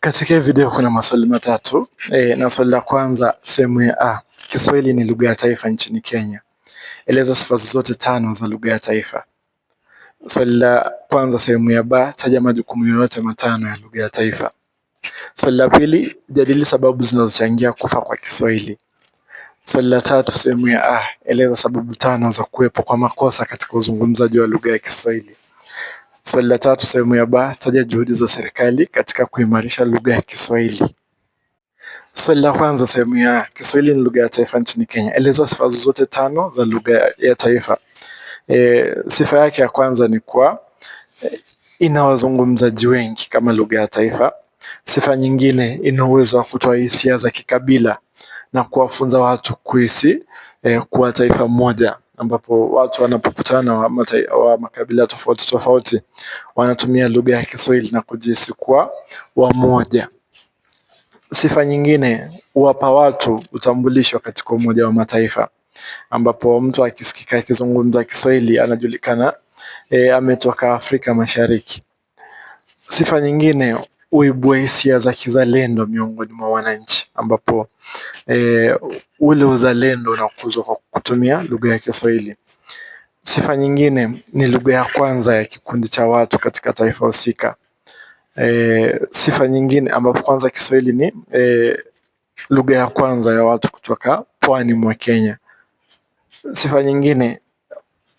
Katika video kuna maswali matatu e, na swali la kwanza sehemu ya A, Kiswahili ni lugha ya taifa nchini Kenya. Eleza sifa zote tano za lugha ya taifa. Swali la kwanza sehemu ya B, taja majukumu yoyote matano ya lugha ya taifa. Swali la pili, jadili sababu zinazochangia kufa kwa Kiswahili. Swali la tatu sehemu ya A, eleza sababu tano za kuwepo kwa makosa katika uzungumzaji wa lugha ya Kiswahili. Swali la tatu sehemu ya ba, taja juhudi za serikali katika kuimarisha lugha ya Kiswahili. Swali la kwanza sehemu ya Kiswahili ni lugha ya taifa nchini Kenya. Eleza sifa zote tano za lugha ya taifa. E, sifa yake ya kwanza ni kuwa inawazungumzaji e, ina wazungumzaji wengi kama lugha ya taifa. Sifa nyingine, ina uwezo wa kutoa hisia za kikabila na kuwafunza watu kuhisi e, kuwa taifa moja ambapo watu wanapokutana wa, wa makabila tofauti tofauti wanatumia lugha ya Kiswahili na kujihisi kuwa wamoja. Sifa nyingine huwapa watu utambulisho katika Umoja wa Mataifa, ambapo mtu akisikika akizungumza Kiswahili anajulikana e, ametoka Afrika Mashariki. Sifa nyingine uibue hisia za kizalendo miongoni mwa wananchi, ambapo e, ule uzalendo unakuzwa kwa kutumia lugha ya Kiswahili. Sifa nyingine ni lugha ya kwanza ya kikundi cha watu katika taifa husika. E, sifa nyingine ambapo kwanza Kiswahili ni e, lugha ya kwanza ya watu kutoka pwani mwa Kenya. Sifa nyingine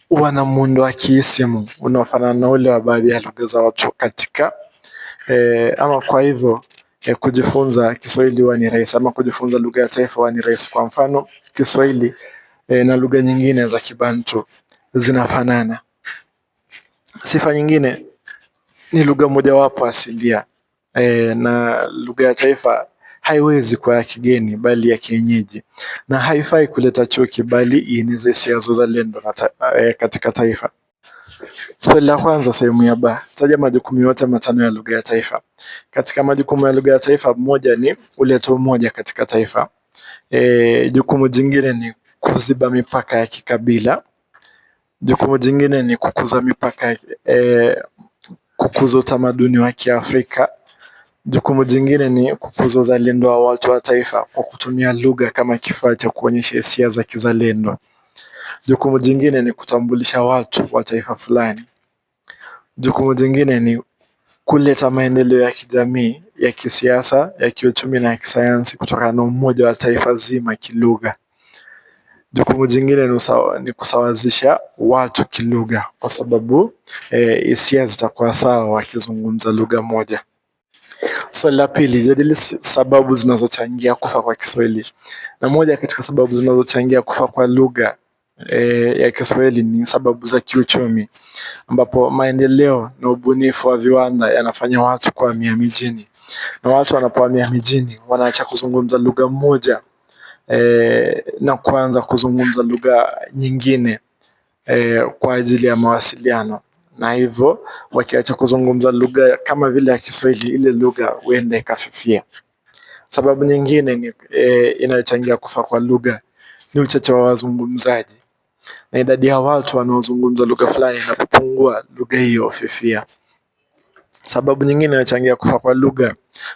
wana muundo wa kiisimu unaofanana na ule wa baadhi ya lugha za watu katika eh, ama kwa hivyo eh, kujifunza Kiswahili huwa ni rahisi, ama kujifunza lugha ya taifa huwa ni rahisi. Kwa mfano Kiswahili eh, na lugha nyingine za Kibantu zinafanana. Sifa nyingine ni lugha mojawapo asilia eh, na lugha ya taifa haiwezi kuwa ya kigeni bali ya kienyeji, na haifai kuleta chuki bali ieneze hisia za uzalendo eh, katika taifa. Swali la kwanza sehemu ya ba, taja majukumu yote matano ya lugha ya taifa. Katika majukumu ya lugha ya taifa, moja ni kuleta umoja katika taifa. E, jukumu jingine ni kuziba mipaka ya kikabila. Jukumu jingine ni kukuza mipaka e, kukuza utamaduni wa Kiafrika. Jukumu jingine ni kukuza uzalendo wa watu wa taifa kwa kutumia lugha kama kifaa cha kuonyesha hisia za kizalendo. Jukumu jingine ni kutambulisha watu wa taifa fulani. Jukumu jingine ni kuleta maendeleo ya kijamii, ya kisiasa, ya kiuchumi na ya kisayansi kutokana na umoja wa taifa zima kilugha. Jukumu jingine ni, ni kusawazisha watu kilugha kwa sababu eh, hisia e, zitakuwa sawa wakizungumza lugha moja. Swali so, la pili, jadili sababu zinazochangia kufa kwa Kiswahili. Na moja katika sababu zinazochangia kufa kwa lugha e, ya Kiswahili ni sababu za kiuchumi, ambapo maendeleo na ubunifu wa viwanda yanafanya watu kuhamia mijini, na watu wanapohamia mijini wanaacha kuzungumza lugha moja e, na kuanza kuzungumza lugha nyingine e, kwa ajili ya mawasiliano na hivyo wakiacha kuzungumza lugha kama vile ya Kiswahili, ile lugha huenda ikafifia. Sababu nyingine ni, e, inayochangia kufa kwa lugha ni uchache wa wazungumzaji na idadi ya watu wanaozungumza lugha fulani inapopungua, lugha hiyo hufifia. Sababu nyingine inayochangia kufa kwa lugha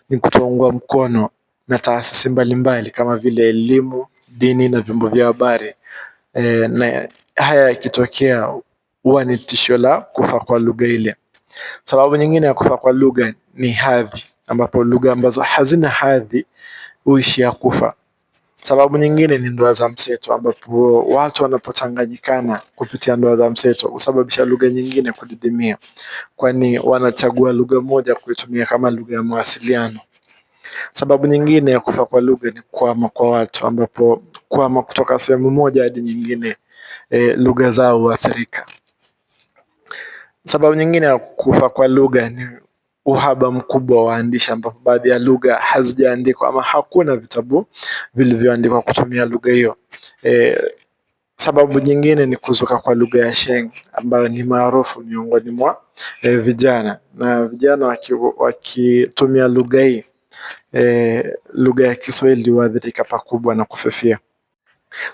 ni kutoungwa mkono na taasisi mbalimbali kama vile elimu, dini na vyombo vya habari e, na haya yakitokea huwa ni tishio la kufa kwa lugha ile. Sababu nyingine ya kufa kwa lugha ni hadhi, ambapo lugha ambazo hazina hadhi huishia kufa. Sababu nyingine ni ndoa za mseto, ambapo watu wanapochanganyikana kupitia ndoa za mseto husababisha lugha nyingine kudidimia, kwani wanachagua lugha moja kuitumia kama lugha ya mawasiliano. Sababu nyingine ya kufa kwa lugha ni kuhama kwa watu, ambapo kuhama kutoka sehemu moja hadi nyingine, e, lugha zao huathirika. Sababu nyingine ya kufa kwa lugha ni uhaba mkubwa wa waandishi ambapo baadhi ya lugha hazijaandikwa ama hakuna vitabu vilivyoandikwa kutumia lugha hiyo. E, sababu nyingine ni kuzuka kwa lugha ya Sheng ambayo ni maarufu miongoni mwa e, vijana na vijana wakitumia waki lugha hii e, lugha ya Kiswahili huathirika pakubwa na kufifia.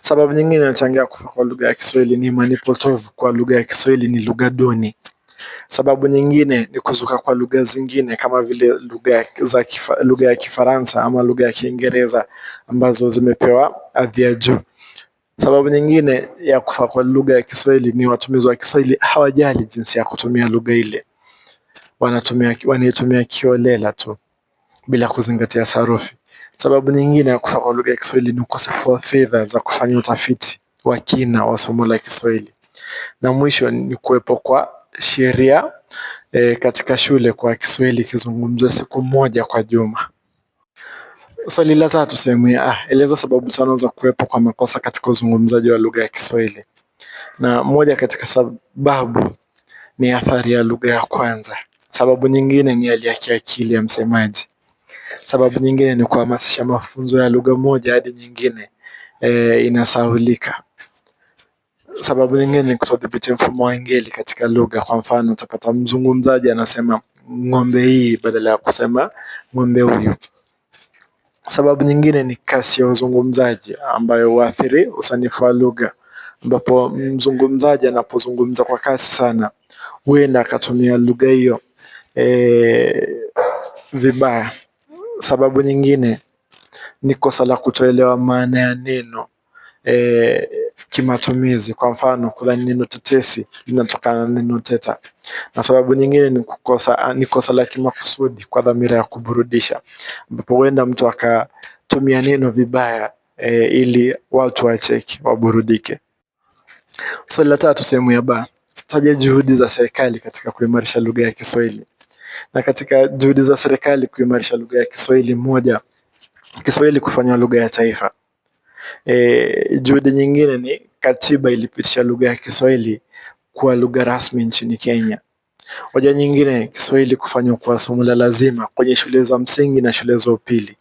Sababu nyingine inachangia kufa kwa lugha ya Kiswahili ni imani potovu kwa lugha ya Kiswahili ni lugha duni. Sababu nyingine ni kuzuka kwa lugha zingine kama vile lugha ya Kifaransa ama lugha ya Kiingereza ambazo zimepewa hadhi ya juu. Sababu nyingine ya kufa kwa lugha ya Kiswahili ni watumizi wa Kiswahili hawajali jinsi ya kutumia lugha ile, wanatumia wanaitumia kiolela tu bila kuzingatia sarufi. Sababu nyingine ya kufa kwa lugha ya Kiswahili ni ukosefu wa fedha za kufanya utafiti wa kina wa somo la Kiswahili, na mwisho ni kuwepo kwa sheria e, katika shule kwa Kiswahili ikizungumzwa siku moja kwa juma. Swali la tatu sehemu ya ah, eleza sababu tano za kuwepo kwa makosa katika uzungumzaji wa lugha ya Kiswahili, na moja katika sababu ni athari ya lugha ya kwanza. Sababu nyingine ni hali ya kiakili ya msemaji. Sababu nyingine ni kuhamasisha mafunzo ya lugha moja hadi nyingine e, inasahulika. Sababu nyingine ni kutodhibiti mfumo wa ngeli katika lugha. Kwa mfano, utapata mzungumzaji anasema ng'ombe hii badala ya kusema ng'ombe huyu. Sababu nyingine ni kasi ya uzungumzaji ambayo huathiri usanifu wa lugha, ambapo mzungumzaji anapozungumza kwa kasi sana huenda akatumia lugha hiyo e, vibaya. Sababu nyingine ni kosa la kutoelewa maana ya neno e, kimatumizi. Kwa mfano, kuna neno tetesi linatokana na neno teta, na sababu nyingine ni kukosa, ni kosa la kimakusudi kwa dhamira ya kuburudisha, ambapo huenda mtu akatumia neno vibaya e, ili watu wacheki, waburudike. Swali so, la tatu sehemu ya ba, taja juhudi za serikali katika kuimarisha lugha ya Kiswahili. Na katika juhudi za serikali kuimarisha lugha ya Kiswahili, moja, Kiswahili kufanywa lugha ya taifa. E, juhudi nyingine ni katiba ilipitisha lugha ya Kiswahili kuwa lugha rasmi nchini Kenya. Hoja nyingine, Kiswahili kufanywa kuwa somo la lazima kwenye shule za msingi na shule za upili.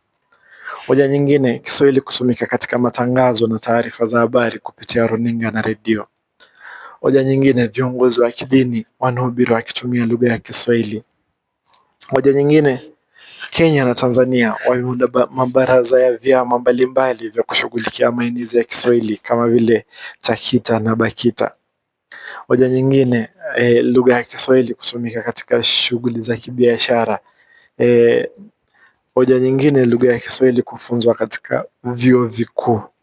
Hoja nyingine, Kiswahili kusomeka katika matangazo na taarifa za habari kupitia runinga na redio. Hoja nyingine, viongozi wa kidini wanahubiri wakitumia lugha ya Kiswahili. Hoja nyingine, Kenya na Tanzania wameunda mabaraza ya vyama mbalimbali vya kushughulikia maenezi ya Kiswahili kama vile Takita na Bakita. Hoja nyingine e, lugha ya Kiswahili kutumika katika shughuli za kibiashara. Eh, hoja e, nyingine lugha ya Kiswahili kufunzwa katika vyuo vikuu.